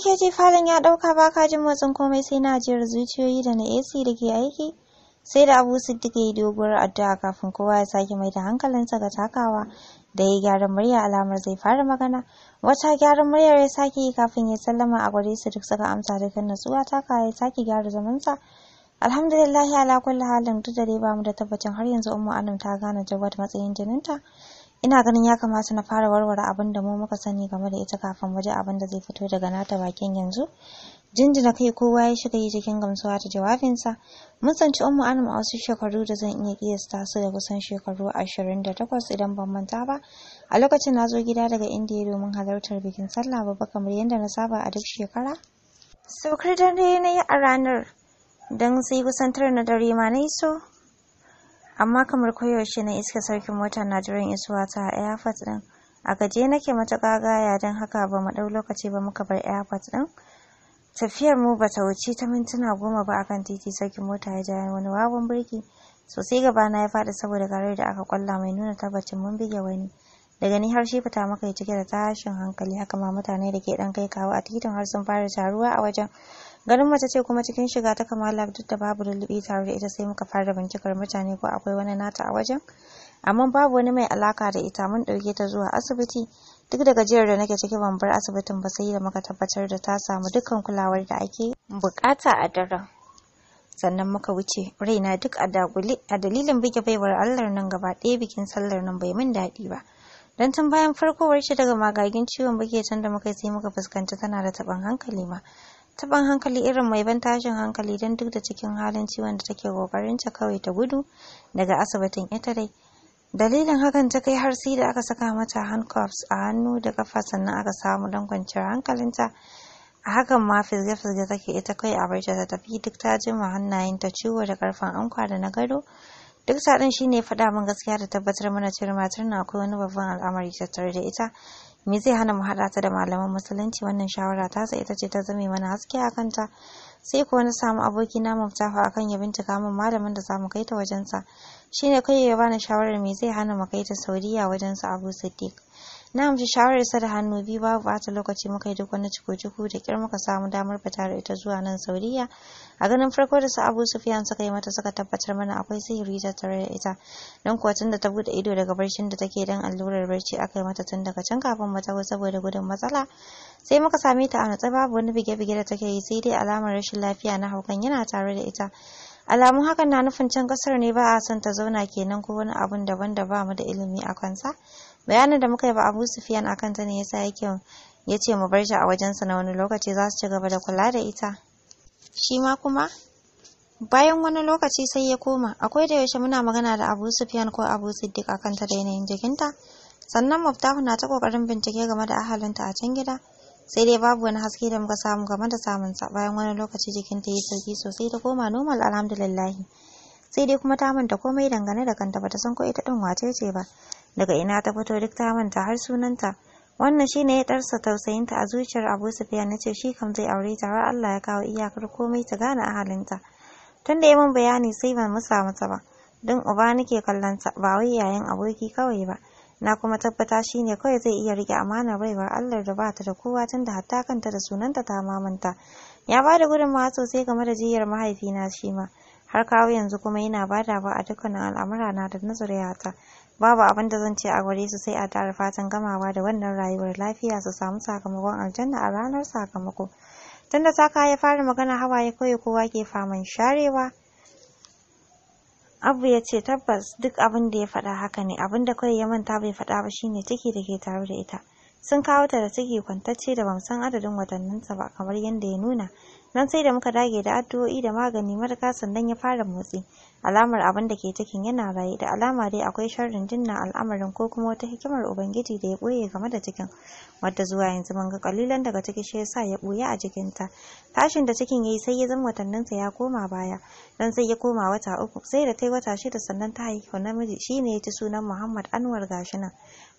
kake ji falon ya ɗauka ba ka jin motsin komai sai na ajiyar zuciyoyi da na AC da ke aiki. Sai da Abu Siddiq ya yi doguwar addu'a kafin kowa ya sake mai da hankalinsa ga takawa da ya gyaran murya alamar zai fara magana. Wata gyaran muryar ya sake yi kafin ya sallama a su duk suka amsa da kan natsuwa takawa ya sake gyara zamansa. Alhamdulillah ala kulli halin duk da dai ba mu da tabbacin har yanzu Ummu Anam ta gane Jawad matsayin jininta. Ina ganin ya kamata na fara warware abin da mu muka sani game da ita kafin waje abun abin da zai fito daga nata bakin yanzu. Jinjina kai kowa ya shiga yi cikin gamsuwa ta jawabinsa. Mun sanci Ummu Anum a wasu shekaru da zan iya kiyasta su da kusan shekaru ashirin da takwas idan ban manta ba. A lokacin na zo gida daga Indiya domin halartar bikin sallah babba kamar yadda na saba a duk shekara. Saukar dare na yi a ranar don sai kusantar na dare ma na iso. amma kamar koyaushe na iska sarkin motar na jiran isuwa ta a airport ɗin a gaje nake matuƙa gaya don haka ba mu ɗau lokaci ba muka bar airport ɗin tafiyar mu ba ta wuce ta mintuna goma ba akan titi sarkin mota ya ja wani wawan birki sosai gaba na ya faɗi saboda garar da aka kwalla mai nuna tabbacin mun bige wani daga ni har shi fita maka ya cike da tashin hankali haka ma mutane da ke ɗan kai kawo a titin har sun fara taruwa a wajen garin mace ce kuma cikin shiga ta kamala duk da babu lulluɓi tare da ita sai muka fara bincikar mutane ko akwai wani nata a wajen amma babu wani mai alaka da ita mun ɗauke ta zuwa asibiti duk da gajiyar da nake ciki ban bar asibitin ba sai da muka tabbatar da ta samu dukkan kulawar da ake Buƙata a daren sannan muka wuce raina duk a dagule a dalilin bige baiwar allar nan gaba ɗaya bikin sallar nan bai min daɗi ba dan tun bayan farkowar shi daga magagin ciwon bage can da muka sai muka fuskanci tana da taɓin hankali ma taban hankali irin mai ban tashin hankali don duk da cikin halin ciwon da take kokarin ta kawai ta gudu daga asibitin ita dai dalilin hakan ta kai har sai da aka saka mata handcuffs a hannu da kafa sannan aka samu don kwanciyar hankalinta a hakan ma fizge-fizge take ita kai a barci ta tafi duk ta jima hannayen ta ciwo da karfin anka da na gado duk sadin shine faɗa min gaskiya da tabbatar mana cewa matar na akwai wani babban al'amari tattare da ita me zai hana mu haɗa ta da malaman musulunci wannan shawara ta sa ita ce ta zame mana haske a kanta sai ko na samu aboki na muftafa akan ya bintika min malamin da zamu kai ta wajensa shine kai ya bani shawarar me zai hana mu kai ta Saudiya wajensa Abu Siddiq na shawarar sa da hannu biyu babu bata lokaci muka yi duk wani ciko-ciko da kyar muka samu damar fita da ita zuwa nan saudiya a ganin farko da su abu sufiyan suka yi mata suka tabbatar mana akwai sihiri ta tare da ita don kuwa tun da ta bude ido daga barcin da take dan allurar barci aka yi mata tun daga can kafin mu taho saboda gudun matsala sai muka same ta a natsa babu wani bige-bige da take yi sai dai alamar rashin lafiya na haukan yana tare da ita alamun hakan na nufin can kasar ne ba a son ta zauna kenan ko wani abun daban da ba mu da ilimi a kansa bayanin da muka yi ba abu sufiyan a kanta ne yasa yake ya ce mu bar shi a wajensa na wani lokaci za su ci gaba da kula da ita shi ma kuma bayan wani lokaci sai ya koma akwai da yaushe muna magana da abu sufiyan ko abu siddiq a kanta da yanayin jikinta sannan muftahu na ta kokarin bincike game da ahalinta a can gida sai dai babu wani haske da muka samu game da samun sa bayan wani lokaci jikinta ya sauki sosai ta koma normal alhamdulillah sai dai kuma ta manta komai dangane da kanta bata san ko ita din wace ce ba daga ina ta fito duk ta manta har sunanta wannan shine ya ɗarsa tausayinta a zuciyar abu sufiya na ce shi kam zai aure ta har allah ya kawo iyakar komai ta gane ahalinta Tunda da ya min bayani sai ban musa mata ba don uba nake kallonta ba wai yayin aboki kawai ba na kuma tabbata shi ne kawai zai iya rike amanar baiwar allah da bata da kowa tun da hatta kanta da sunanta ta mamanta ya ba da gudunmawa sosai game da jiyar mahaifina shi ma har kawo yanzu kuma yana ba a dukkanin al'amura na da nazariyata babu abin da zan ce a gare su sai a tara fatan gamawa da wannan rayuwar lafiya su samu sakamakon aljanna a ranar sakamako tunda saka ya fara magana hawaye kawai kowa ke faman sharewa Abu ya ce tabbas duk abin da ya faɗa haka ne abin da kawai ya manta bai faɗa ba shine ciki da ke tare da ita. Sun kawo ta da ciki kwantacce da bamsan adadin watanninsa ba kamar yadda ya nuna. Nan sai da muka dage da addu'o'i da magani madaka sannan ya fara motsi. alamar abin da ke cikin yana raye da alama dai akwai sharrin jinna al'amarin ko kuma wata hikimar ubangiji da ya boye game da cikin wadda zuwa yanzu mun kalilan daga ciki shi yasa ya ɓoye a jikin ta tashin da cikin yayi sai ya zama sa ya koma baya dan sai ya koma wata uku sai da tai wata shida sannan ta haihu namiji shine ya ci sunan Muhammad Anwar gashinan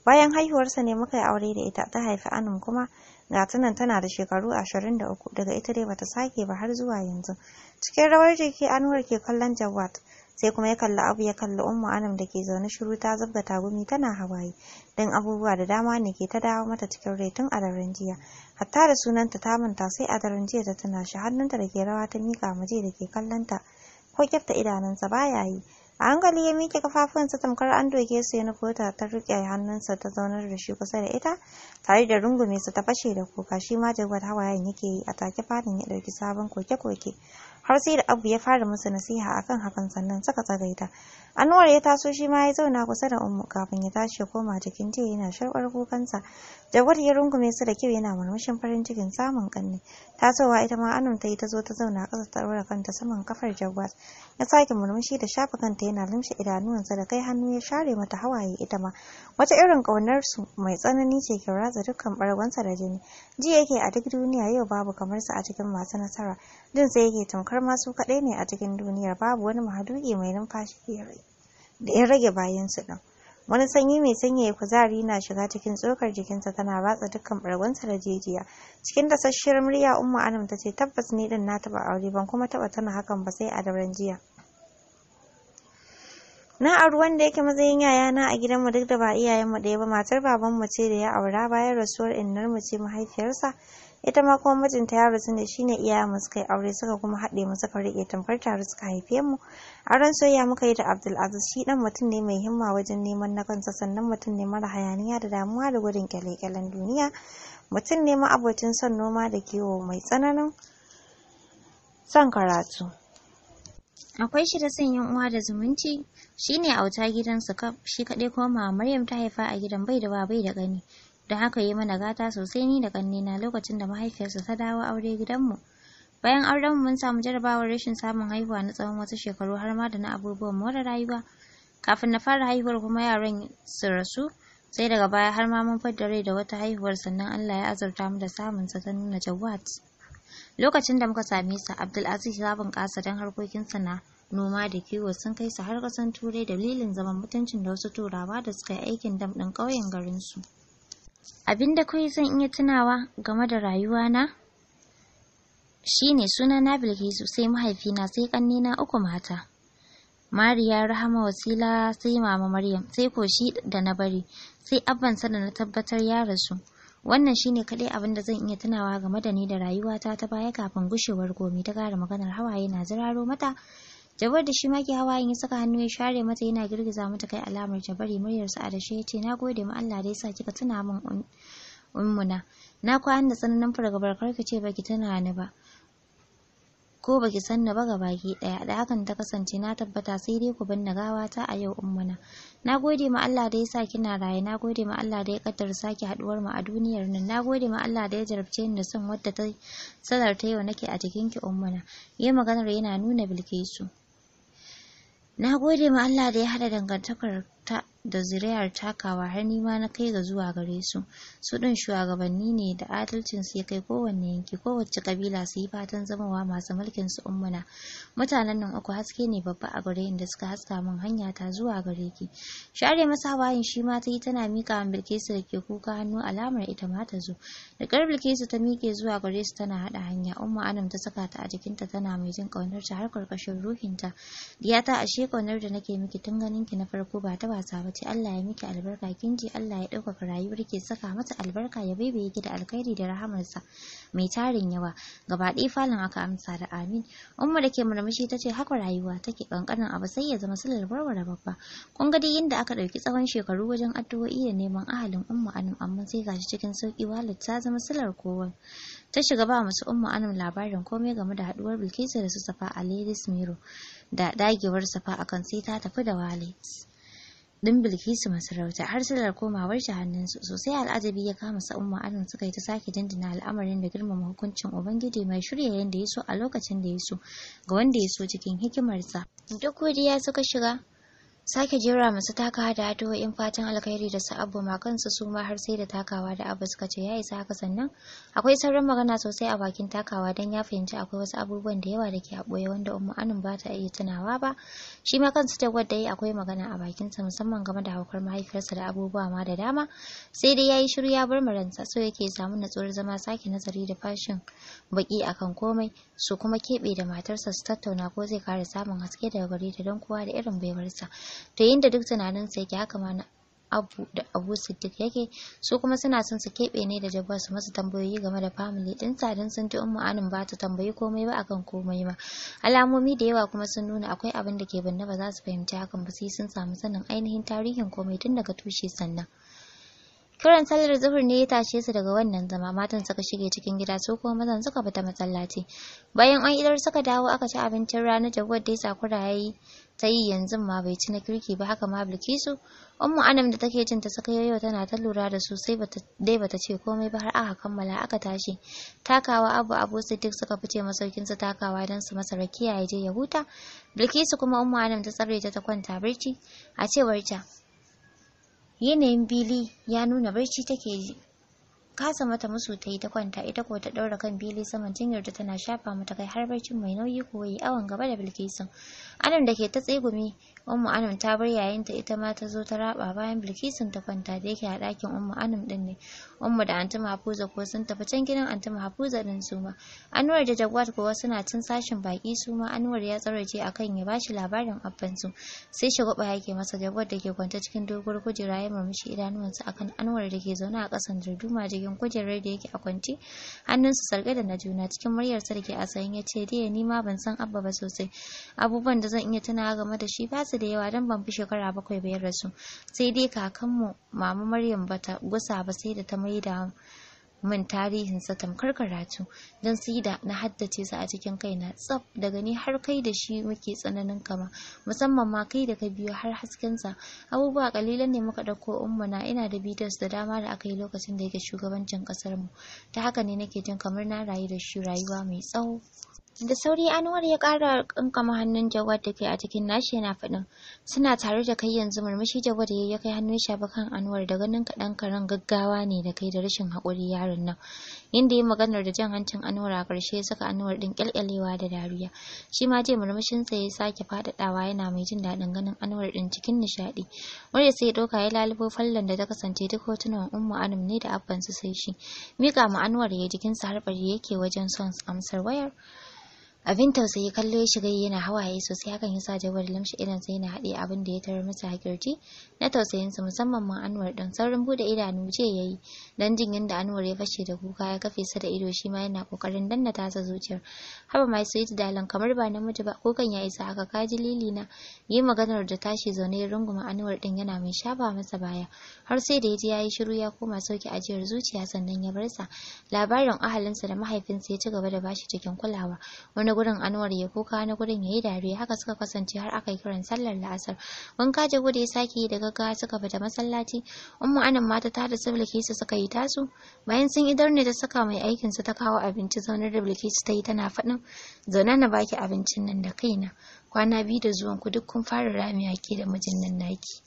bayan haihuwarsa ne muka yi aure da ita ta haifi Anum kuma ga tunan tana da shekaru ashirin da uku daga ita dai bata sake ba har zuwa yanzu cikin rawar jiki Anwar ke kallon Jawad sai kuma ya kalli abu ya kalli ummu anam da ke zaune shiru ta zabga tagumi tana hawaye don abubuwa da dama ne ke ta dawo mata cikin rai tun a daren jiya hatta da sunanta ta manta sai a daren jiya ta tuna shi hannunta da ke rawa ta miƙa maje da ke kallon ta ko kyafta idanunsa ba ya yi a hankali ya miƙe kafafunsa tamkar an doke su ya nufo ta ta riƙe hannunsa ta zaunar da shi kusa da ita tare da rungume su ta fashe da kuka shi ma jagwar hawayen yake yi a take fadin ya ɗauki sabon koke-koke har sai da abu ya fara musu nasiha akan hakan sannan suka tsagaita anwar ya taso shi ma ya zauna kusa da ummu kafin ya tashi ya koma jikin jiya yana sharbar kukansa jawad ya rungume su da kyau yana murmushin farin cikin samun kanne tasowa ita ma anun ta yi ta zo ta zauna kasa ta ɗora kanta saman kafar jawad ya sake murmushi da shafa kanta yana lumshe idanuwansa da kai hannu ya share mata hawaye ita ma wata irin ƙaunar su mai tsanani ce ke ratsa dukkan ɓargonsa da jini ji yake a duk duniya yau babu kamar sa a cikin masu nasara jin sai yake tamkar ma su kaɗai ne a cikin duniyar babu wani mahaduki mai numfashi da ya rage bayan ɗin wani sanyi mai sanyaya kuzari na shiga cikin tsokar jikinsa tana ratsa dukkan bargonsa da jijiya cikin dasasshiyar murya umma anam ta ce tabbas ni din na taba aure ban kuma taba tana hakan ba sai a daren jiya na a ruwan da yake matsayin yayana a gidanmu duk da ba iyayenmu ɗaya ba matar babanmu ce da ya aura bayan rasuwar innar ce mahaifiyarsa ita ma kuma mijinta ya rasu ne shine iyaye mu suka yi aure suka kuma haɗe mu suka rike tamkar tare suka haife mu auren soyayya muka yi da aziz shi dan mutum ne mai himma wajen neman na kansa sannan mutum ne mara hayaniya da damuwa da gudun kyale-kyalen duniya mutum ne ma ma'abocin son noma da kiwo mai tsananin son karatu akwai shi da son yan uwa da zumunci shine auta gidansu shi kaɗai kuma Maryam ta haifa a gidan bai da ba bai da gani don haka yi mana gata sosai ni da ƙannena lokacin da mahaifiyarsa ta dawo aure gidanmu. Bayan auren mun samu jarabawar rashin samun haihuwa na tsawon wasu shekaru har ma da na abubuwan more rayuwa. Kafin na fara haihuwar kuma yaran su rasu, sai daga baya har ma mun fadda rai da wata haihuwar sannan Allah ya azurta mu da samun sa ta nuna Jawad. Lokacin da muka same sa, Abdulaziz ya bunƙasa don harkokinsa na noma da kiwo sun kai su har kasan turai dalilin zaman mutuncin da wasu turawa da suka yi aikin dam ɗin ƙauyen garinsu. Abin da kawai zan iya tunawa game da rayuwana shine na Bilkisu sai mahaifina sai na uku mata. Mariya Rahama Wasila sai Mama Maryam sai Koshi da na bari sai abban da na tabbatar ya rasu. Wannan shine kaɗai abin da zan iya tunawa game da ni da rayuwata ta baya kafin gushewar gomi ta ƙara maganar hawaye na ziraro mata Jabar da shi ma ke hawa ya saka hannu ya share mata yana girgiza mata kai alamar jabari bari. a dashe ya ce na gode ma Allah da ya sa kika tuna min ummuna na kwa da tsananin fargabar karka ce baki tuna ni ba ko baki san ni ba baki daya da hakan ta kasance na tabbata sai dai ku binne ta a yau ummuna na gode ma Allah da ya sa kina raye na gode ma Allah da ya kaddara saki haduwar mu a duniyar nan na gode ma Allah da ya jarabce ni da son wadda ta sanar ta yau nake a jikin ki ummuna yi maganar yana nuna bilkisu Na gode ma Allah da ya haɗa dangantakar ta da zuriyar takawa har nima na kai ga zuwa gare su su ɗin shugabanni ne da adalcin su ya kai kowanne yanki kowace kabila su yi fatan zamawa masu mulkin su ummuna mutanen nan uku haske ne babba a gare da suka haska min hanya ta zuwa gare ki share masa hawayen shi ma ta yi tana miƙa wa bilkisu da ke kuka hannu alamar ita ma ta zo da ƙar bilkisu ta miƙe zuwa gare su tana haɗa hanya umma anam ta saka ta a jikinta tana mai jin ƙaunar ta har ƙarƙashin ruhinta ta ashe ƙaunar da nake miki tun ganin ki na farko ba ta ba ta Allah ya miki albarka kin ji Allah ya ɗaukaka rayuwar ki saka mata albarka ya baibaye ki da alkhairi da rahamarsa mai tarin yawa gaba ɗaya falon aka amsa da amin umma da ke murmushi ta ce haka rayuwa take kankanin abu sai ya zama sulal warware babba kun ga dai yadda aka ɗauki tsawon shekaru wajen addu'o'i da neman ahalin umma anum amma sai gashi cikin sauki walid ta zama sulal kowa ta shiga ba masu umma anum labarin komai game da haduwar bilkisu da su safa a ladies miro da dagewar safa akan sai ta tafi da walid ɗin Bilkisu masarauta har salar komawar ta hannunsu sosai al'ajabi ya kama sa umma anan suka yi ta sake dindina al'amarin da girmama hukuncin ubangiji mai shirya yadda ya so a lokacin da ya so ga wanda ya so cikin hikimarsa duk ya suka shiga sake jera masu takawa da addu'o'in fatan alkhairi da sa'abu ma kansu su ma har sai da takawa da abu suka ce ya isa haka sannan akwai sauran magana sosai a bakin takawa don ya fahimci akwai wasu abubuwan da yawa da ke a ɓoye wanda umma anun ba ta iya tunawa ba shi ma kansu ta wadda yi akwai magana a bakinsa musamman game da haukar mahaifiyarsa da abubuwa ma da dama sai dai ya yi shiru ya bar maransa so yake samu natsuwar zama sake nazari da fashin baki akan komai su kuma keɓe da matarsa su tattauna ko zai kare samun haske daga gare ta don kowa da irin baiwarsa to yinda duk tunaninsa yake haka mana na abu da abu siddiq yake su kuma suna son su keɓe ne da jabba su masa tambayoyi game da family din dan sun ji ummu anin ba ta tambayi komai ba akan komai ba, alamomi da yawa kuma sun nuna akwai abin da ke binne ba za su fahimci hakan ba sai sun samu sanin ainihin tarihin komai tun daga tushe sannan kiran sallar zuhur ne ya tashe su daga wannan zama matan suka shige cikin gida su kuma mazan suka fita masallaci bayan an idar suka dawo aka ci abincin rana jagwar dai sakura yayi ta yanzu ma bai ci na kirki ba haka ma bilkisu ummu anam da take jin ta saka yoyo tana ta lura da su sai bata dai bata ce komai ba har aka kammala aka tashi takawa abu abu duk suka fice masaukin su takawa dan su masa rakiya ya je ya huta bilkisu kuma ummu anam ta tsare ta ta kwanta barci a cewar ta yanayin bili ya nuna barci take ji kasa mata musu ta yi ta kwanta ita ko ta ɗaura kan fili saman jinyar ta tana shafa mata kai har barcin mai nauyi ko yi awon gaba da bilkisun anan da ke ta tsegumi ummu anan ta bar yayin ta ita ma ta zo ta raba bayan bilkisun ta kwanta da yake a dakin ummu anan din ne ummu da antuma hafuza ko sun tafi can gidan anti hafuza din su ma anwar da jagwat kuwa suna cin sashin baki su ma anwar ya tsarace akan ya bashi labarin abban su sai shagwaba yake masa jagwat da ke kwanta cikin doguwar kujera ya murmushi idanuwansa akan anwar da ke zaune a kasan ƙasan darduma jikin kujerar da yake a kwance hannunsu sarƙe da na juna cikin muryarsa da ke a tsayin ya ce diya ni ma ban san abba ba sosai abubuwan da zan iya tunawa game da shi ba su da yawa don ban fi shekara bakwai ba da rasu sai dai kakanmu mama maryam bata gusa ba sai da ta maida min tarihin tarihinsa tamkar karatu don sida na haddace sa a cikin kaina tsaf daga ni har kai da shi muke tsananin kama musamman ma kai da ka biyo har hasken sa abubuwa kalilan ne muka ɗauko umma na ina da bidiyos da dama da aka yi lokacin da yake shugabancin ƙasar mu ta haka ne nake jin kamar na rayu da shi rayuwa mai tsawo Da sauri Anwar ya kara kankama hannun Jawad da ke a cikin nashi yana faɗin. Suna tare da kai yanzu murmushi Jawad ya kai hannun shafa kan Anwar da ganin kaɗan karen gaggawa ne da kai da rashin haƙuri yaron nan. Yanda ya maganar da jan hancin Anwar a ƙarshe ya saka Anwar ɗin ƙyalƙyalewa da dariya. Shi ma je murmushinsa ya sake faɗaɗawa yana mai jin daɗin ganin Anwar ɗin cikin nishaɗi. Murya sai ya ɗauka ya lalubo fallon da ta kasance duk hotunan Umma Anum ne da abban su sai shi. Miƙa ma Anwar ya jikinsa har yake wajen son amsar wayar. abin tausayi kallo ya shiga yana hawaye sosai hakan yasa jawar lamshi idan sai yana haɗe abin da ya tarar masa hakirci na tausayinsa musamman ma anwar ɗin saurin bude idanu je ya yi don jin yadda anwar ya fashe da kuka ya kafe sa da ido shi ma yana ƙoƙarin danna tasa zuciyar haba mai su yi dalan kamar ba mutu ba kukan ya isa aka kaji lili na yi maganar da tashi zaune ya runguma anwar ɗin yana mai shafa masa baya har sai da ya ji ya yi shiru ya koma sauke ajiyar zuciya sannan ya bar sa labarin ahalinsa da mahaifinsa ya ci gaba da bashi cikin kulawa wani na gurin anwar ya kuka na gurin ya yi dariya haka suka kasance har aka yi kiran sallar la'asar wanka kaje da ya sake yi da gaggawa suka fita masallaci Ummu anan mata ta da su bilkisu suka yi tasu bayan sun idar ne ta saka mai aikin su ta kawo abinci zaunar da bilkisu ta yi tana faɗin zauna na baki abincin nan da kaina kwana biyu da zuwan ku duk kun fara ramiya ke da mijin nan naki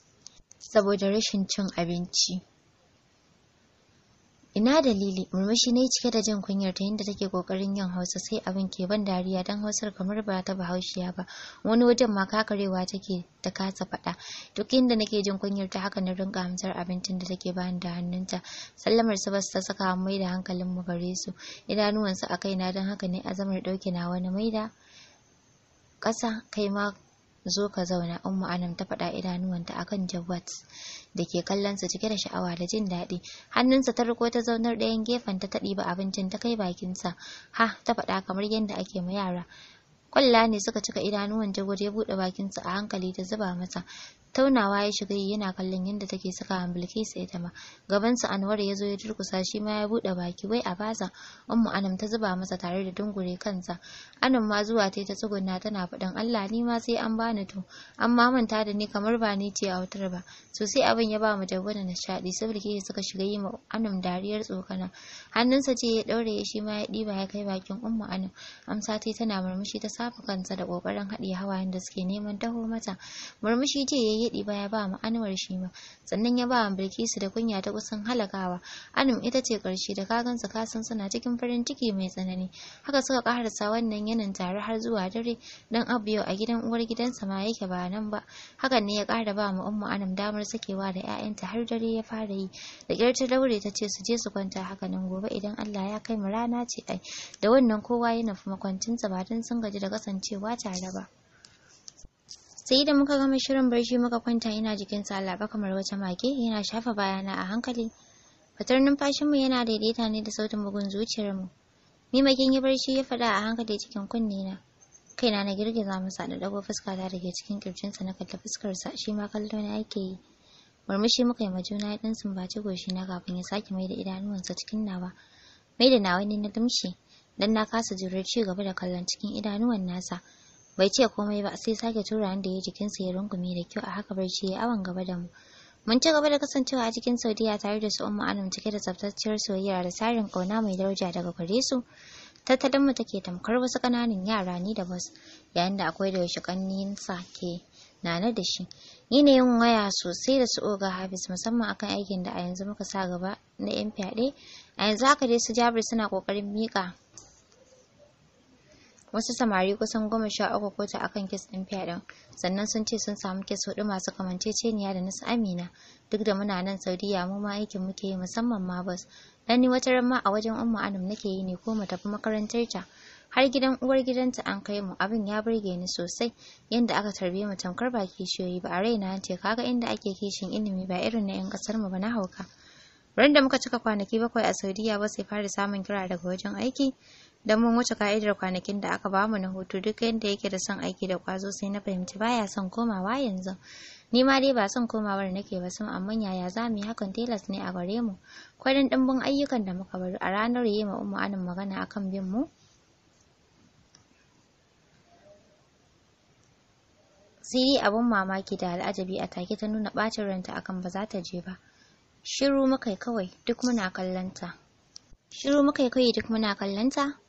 saboda rashin cin abinci ina dalili murmushi ne cike da jin kunyar ta yadda take kokarin yin hausa sai abin ke ban dariya dan hausar kamar ba ta bahaushiya ba wani wajen ma kakarewa take ta kasa faɗa duk inda nake jin kunyar ta haka na rinka amsar abincin da take bani da hannunta sallamar su basu ta saka mai da hankalin mu gare su idanuwansu a kaina don haka ne azamar ɗauke na wani maida ƙasa kai ma zo ka zauna ummu anam ta faɗa idanuwanta akan jawad da ke kallonsa cike da sha'awa da jin daɗi hannunsa ta riko ta zaunar ɗayan gefen ta ɗiba abincin ta kai bakinsa ha ta faɗa kamar yadda ake ma yara kwalla ne suka cika idanuwan jawar ya buɗe bakinsa a hankali ta zuba masa taunawa ya shiga yi yana kallon yadda take saka wa bilkisu ita ma su anwar ya zo ya durkusa shi ma ya buɗe baki wai a basa ummu anam ta zuba masa tare da dungure kansa anam ma zuwa ta ta tsuguna tana faɗin allah ni ma sai an bani to amma manta da ni kamar ba ni ce a wutar ba sosai abin ya ba mu da wani nishaɗi su bilkisu suka shiga yi ma anam dariyar tsokana hannunsa ce ya ɗaure shi ma ya ɗiba ya kai bakin ummu anam amsa ta tana murmushi ta safa kansa da ƙoƙarin haɗiye hawayen da suke neman taho mata murmushi ce ya yadi ba ya ba mu Anwar shi ma sannan ya ba Bilkisu da kunya ta kusan halakawa Anum ita ce karshe da ka gansa ka san suna cikin farin ciki mai tsanani haka suka karasa wannan yanin tare har zuwa dare dan Abiyo a gidan uwar gidansa ma yake ba nan ba hakan ne ya kara ba ma Ummu Anum damar sakewa da 'ya'yanta har dare ya fara yi da ƙyar ta daure ta ce su je su kwanta haka nan gobe idan Allah ya kai mu rana ce ai da wannan kowa yana nufi makwancinsa ba don sun gaji da kasancewa tare ba. sai da muka gama shirin barci muka kwanta ina jikin sallaba kamar wata mage yana shafa bayana a hankali fatar numfashinmu yana daidaita ne da sautin bugun zuciyarmu ni magin yi barci ya faɗa a hankali cikin kunne na kaina na girgiza masa da dago fuska ta dake cikin kirjinsa na kalli fuskarsa shi ma kallo na yake yi murmushi muka yi majuna ya ɗan sumbaci goshi na kafin ya sake mai da idanuwansa cikin nawa mai da nawa ne na dumshi dan na kasa jure ci gaba da kallon cikin idanuwan nasa bai ce komai ba sai sake tura da ya jikinsa ya rungume da kyau a haka barci ya awan gaba da mu mun ci gaba da kasancewa a cikin saudiya tare da su umma adam cike da tsaftacciyar soyayya da tsarin kauna mai daraja daga gare su tattalin mu take tamkar wasu kananan yara ni da bas yayin da akwai da wasu sa ke nana da shi ni ne yin waya sosai da su oga hafiz musamman akan aikin da a yanzu muka sa gaba na yan fyaɗe a yanzu haka dai su jabir suna ƙoƙarin miƙa wasu samari kusan goma sha uku kotu akan kes ɗin fyaɗen sannan sun ce sun samu kes hudu masu kamanceceniya da nasu amina duk da muna nan saudiya mu ma aikin muke yi musamman ma bas dan ni wata ran ma a wajen umma anum nake yi ne ko mu tafi makarantar ta har gidan uwar gidanta an kai mu abin ya burge ni sosai yanda aka tarbe mu tamkar ba kishiyoyi ba a raina ce kaga inda ake kishin ilimi ba irin na yan kasar mu ba na hauka Randa muka cika kwanaki bakwai a saudiya ba sai fara samun kira daga wajen aiki don mun wuce ka'idar kwanakin da aka bamu na hutu duk yadda yake da son aiki da kwazo sai na fahimci baya son komawa yanzu ni ma dai ba son komawar nake ba sun amma yaya za mu yi hakan telas ne a gare mu Kwarin dimbin ayyukan da muka bari a ranar yi ma umu anan magana akan bin mu siri abin mamaki da al'ajabi a take ta nuna bacin ranta akan ba za ta je ba shiru muka kawai duk muna kallonta shiru muka yi kawai duk muna kallonta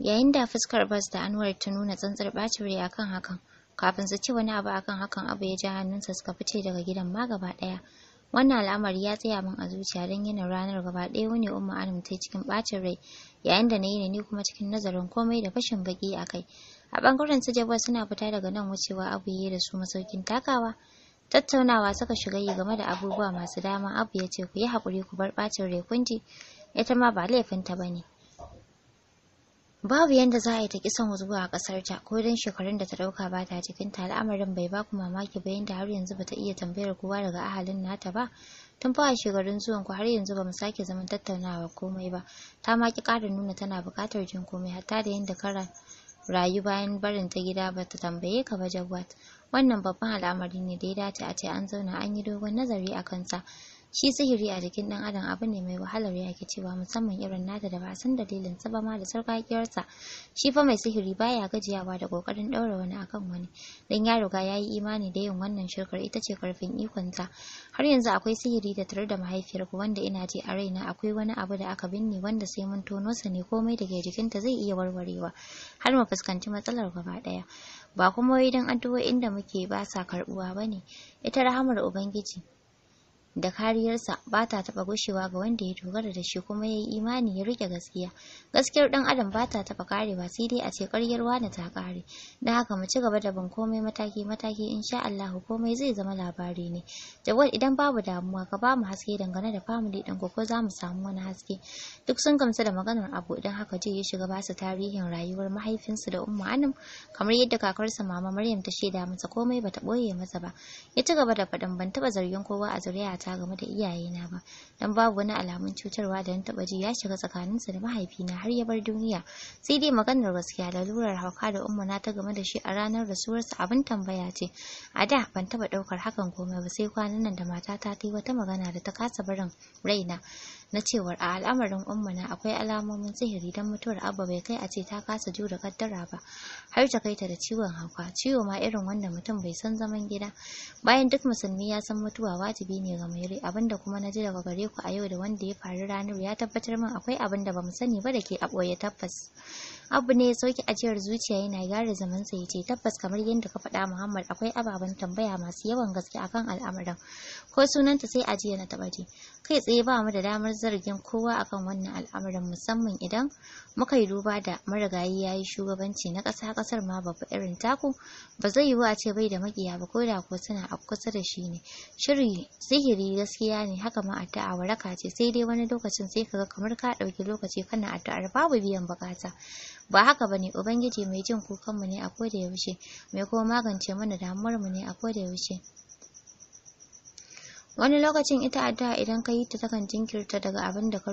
yayin da fuskar bas da anwar ta nuna tsantsar bacin rai akan hakan kafin su ci wani abu akan hakan abu ya ja hannunsa suka fice daga gidan ma gaba ɗaya wannan al'amari ya tsaya min a zuciya don yana ranar gaba ɗaya wani umma anum ta cikin bacin rai yayin da na yi ni kuma cikin nazarin komai da fashin baki a kai a ɓangaren su jabuwa suna fita daga nan wucewa abu ya da su masaukin takawa tattaunawa suka shiga yi game da abubuwa masu dama abu ya ce ku yi haƙuri ku bar ɓacin rai kunji ita ma ba laifinta ba ne Babu yadda za a yi ta kisan zuwa a ta ko don shekarun da ta ɗauka ba ta cikinta al'amarin bai ba ku mamaki ba yadda har yanzu ba ta iya tambayar kowa daga ahalin nata ba. Tun a shekarun zuwan ku har yanzu ba mu sake zaman tattaunawa komai ba. Ta ma ki ƙara nuna tana bukatar jin komai hatta da yadda kara rayu bayan barin ta gida ba ta tambaye ka ba jagwat Wannan babban al'amari ne da ya dace a ce an zauna an yi dogon nazari a kansa. shi sihiri a jikin ɗan adam abu ne mai wahalar yaki cewa musamman irin nata da ba san dalilin sa ba ma da sarkakiyarsa shi fa mai sihiri baya gajiyawa da ƙoƙarin ɗaura wani akan wani dan ya riga yayi imani da yin wannan shirkar ita ce karfin ikonta har yanzu akwai sihiri da tare da mahaifiyar ku wanda ina ji a raina akwai wani abu da aka binne wanda sai mun tono sa ne komai da ke jikinta zai iya warwarewa har mu fuskanci matsalar gaba ɗaya ba kuma wai dan addu'o'in da muke ba sa ba ne. ita rahamar ubangiji da kariyarsa ba ta taɓa gushewa ga wanda ya dogara da shi kuma ya yi imani ya rike gaskiya gaskiyar ɗan adam ba ta taɓa karewa sai dai a ce ƙaryar wani ta kare don haka mu ci gaba da ban komai mataki mataki insha Allah komai zai zama labari ne jawal idan babu damuwa ka ba mu haske dangane da family ɗin ko za mu samu wani haske duk sun gamsu da maganar abu idan haka jiya ya shiga basu tarihin rayuwar mahaifinsu da umma anum kamar yadda kakarsa mama maryam ta shaida masa komai bata ɓoye masa ba ya ci gaba da faɗin ban taɓa zargin kowa a zuriya aikata game da iyayena ba dan babu wani alamun cutarwa da na taba ji ya shiga tsakaninsa da mahaifina har ya bar duniya sai dai maganar gaskiya lalurar hauka da umma na ta game da shi a ranar rasuwarsa abin tambaya ce a da ban taba daukar hakan komai ba sai kwanan nan da matata ta yi wata magana da ta kasa barin raina na cewar a al'amarin ummana akwai alamomin sihiri don mutuwar abba bai kai a ce ta kasa jure kaddara ba har ta kai ta da ciwon hauka ciwo ma irin wanda mutum bai san zaman gida bayan duk musulmi ya san mutuwa wajibi ne ga mai rai abinda kuma na ji daga gare ku a yau da wanda ya faru ranar ya tabbatar min akwai abin da mu sani ba da ke a ɓoye tabbas abu ne ya sauki ajiyar zuciya yana gyara zaman sa yace tabbas kamar yadda ka faɗa Muhammad akwai ababen tambaya masu yawan gaske akan al'amuran ko sunanta sai ajiya na taɓa ji kai tsaye ba mu da damar zargin kowa akan wannan al'amuran musamman idan muka yi duba da marigayi ya yi shugabanci na ƙasa ƙasar ma babu irin taku ba zai yiwu a ce bai da makiya ba ko da ko suna a kusa da shi ne shiri sihiri gaskiya ne haka ma addu'a waraka ce sai dai wani lokacin sai kaga kamar ka ɗauki lokaci kana addu'ar babu biyan bukata ba haka ba ne ubangiji mai jin kukan mu ne a koda yaushe mai kuma magance mana damuwar mu ne a koda yaushe wani lokacin ita addu'a idan ka yi ta takan jinkirta daga abin da ka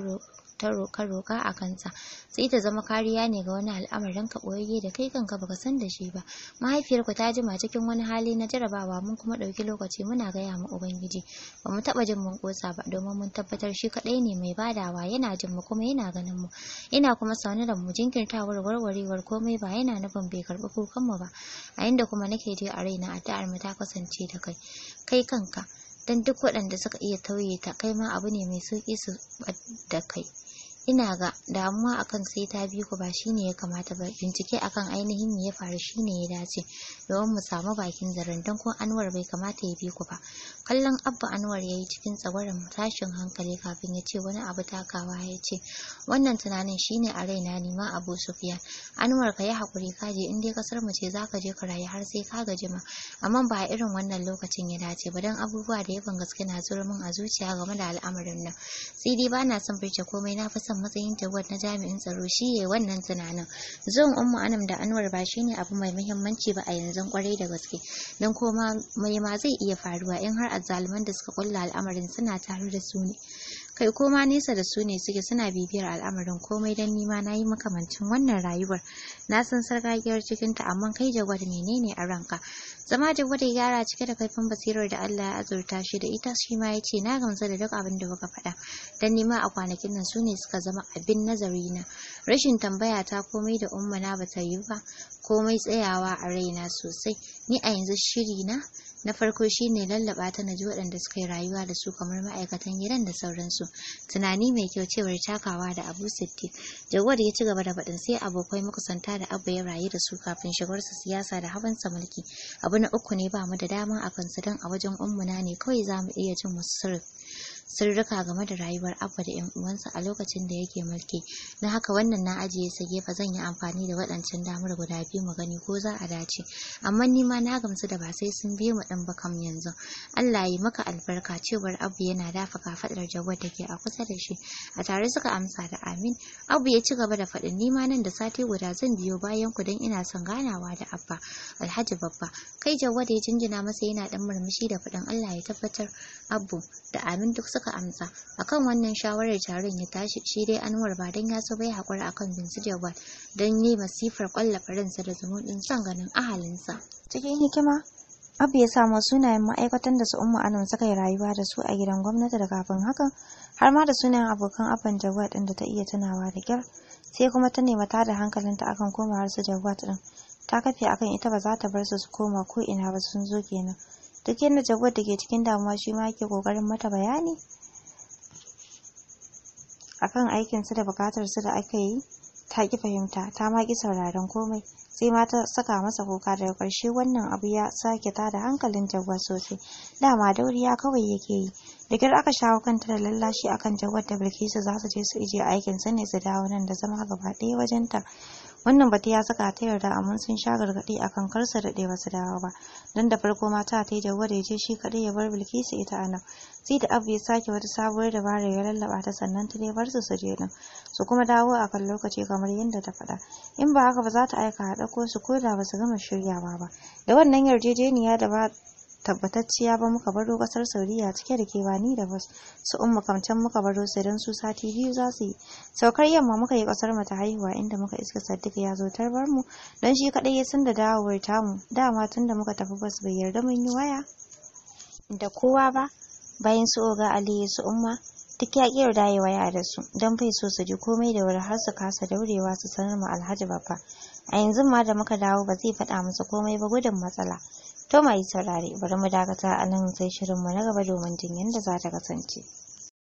ta roka-roka a kansa sai ta zama kariya ne ga wani al'amarin ka boyayye da kai kanka baka san da shi ba mahaifiyarku ta jima cikin wani hali na jarabawa mun kuma ɗauki lokaci muna gaya ma ubangiji Bamu taɓa jin mun kosa ba domin mun tabbatar shi kaɗai ne mai badawa yana jin mu kuma yana ganin mu ina kuma sauni da mu jinkirtawar warwarewar komai ba yana nufin bai karɓi kukan mu ba a inda kuma nake je a raina addu'ar mu ta kasance da kai kai kanka dan duk waɗanda suka iya tauye ta kai ma abu ne mai sauƙi su da kai ina ga damuwa akan sai ta bi ku ba shine ya kamata ba bincike akan ainihin me ya faru shine ya dace domin mu samu bakin zaren dan ko Anwar bai kamata ya bi ku ba kallon Abba Anwar yayi cikin tsagwaron tashin hankali kafin ya ce wani abu takawa ya ce wannan tunanin shine a raina ne ma Abu Sufyan Anwar ka yi hakuri ka je in dai kasar mu ce zaka je ka rayu har sai ka gaji ma amma ba irin wannan lokacin ya dace ba dan abubuwa da yawan gaske na min a zuciya game da al'amarin nan sai dai bana son fice komai na fi akan matsayin tawad na jami'in tsaro shi ya wannan tunanin zuwan ummu anam da anwar ba shi ne abu mai muhimmanci ba a yanzu kwarai da gaske dan koma mai ma zai iya faruwa in har azzaluman da suka kulla al'amarin suna tare da su ne kai ko ma nesa da su ne suke suna bibiyar al'amarin komai don nima na yi makamancin wannan rayuwar na san sarkakiyar cikinta amma kai jagwad menene a ranka zama da ya gyara cike da kaifin basirar da Allah ya azurta shi da ita shi ma ya na gamsu da duk abin da baka faɗa dan nima a kwanakin nan su ne suka zama abin nazari na rashin tambaya ta komai da umma na bata yi ba komai tsayawa a raina sosai ni a yanzu shiri na na farko shine lallaba ta naji waɗanda suka yi rayuwa da su kamar ma'aikatan gidan da sauransu tunani mai kyau cewar takawa da abu sitti jawar ya ci gaba da baɗin sai abokai makusanta da abu ya rayu da su kafin shigar su siyasa da hawansa mulki abu na uku ne ba mu da dama a kansu don a wajen ummuna ne kawai za mu iya jin musu sirri sirrika game da rayuwar abba da yan uwansa a lokacin da yake mulki na haka wannan na ajiye sa gefe zan yi amfani da waɗancan damar guda biyu mu gani ko za a dace amma ni ma na gamsu da ba sai sun biye mu ɗan bakam yanzu Allah yi maka albarka cewar abu yana dafa kafaɗar jawar da ke a kusa da shi a tare suka amsa da amin abu ya ci gaba da faɗin ni ma nan da sati guda zan biyo bayan ku don ina son ganawa da abba alhaji babba kai jawar ya jinjina masa yana ɗan murmushi da faɗin Allah ya tabbatar abu da amin duk suka amsa akan wannan shawarar taron ya tashi shi dai anwar ba don ya so bai hakuri akan binsu jawad don yi masifar kwallafa ransa da zumun din son ganin ahalinsa cikin hikima abu ya samu sunayen ma'aikatan da su umma anan suka yi rayuwa da su a gidan gwamnati da kafin hakan har ma da sunayen abokan abban jawad din da ta iya tunawa da kyar sai kuma ta nema ta da hankalinta akan komawar su jawad ɗin ta kafe akan ita ba za ta bar su su koma ko ina ba sun zo kenan duk yadda jagwar da ke cikin damuwa shi ma yake ƙoƙarin mata bayani akan aikinsu da bukatarsu da aka yi ta ƙi fahimta ta ma ƙi sauraron komai sai ma ta saka masa kuka daga ƙarshe wannan abu ya sake ta da hankalin jagwa sosai dama dauriya kawai yake yi da kyar aka shawo kanta da lallashi akan jagwar da bilkisu za su je su ije aikin su ne su dawo nan da zama gaba ɗaya wajen ta wannan bata ya saka ta yarda amma sun sha gargaɗi a kan karsa daɗe ba su dawo ba dan da farko mata ta yi wada, da je shi kaɗai ya bar bilkisu ita anan. nan sai da abu ya sake wata sabuwar dabara ya lallaba ta sannan ta bar su su je nan su kuma dawo a kan lokaci kamar yadda ta faɗa in ba haka ba za ta aika haɗa ko su koda ba su gama shiryawa ba da wannan yarjejeniya da ba tabbatacciya ba muka baro kasar saudiya cike da kewa ni da bas su umma kamcan muka baro sai don su sati biyu za su yi saukar yamma muka yi kasar ta haihuwa inda muka iska sadiq ya zo tarbar mu don shi kadai ya san da dawowar tamu dama tunda muka tafi bas bai yarda mun yi waya da kowa ba bayan su oga aliyu su umma duk ya ƙi yarda ya waya da su don bai so su ji komai da wuri har su kasa daurewa su sanar mu alhaji babba a yanzu ma da muka dawo ba zai faɗa musu komai ba gudun matsala To mai saurare bari mu dakata a nan sai shirinmu na gaba domin jin yadda za ta kasance.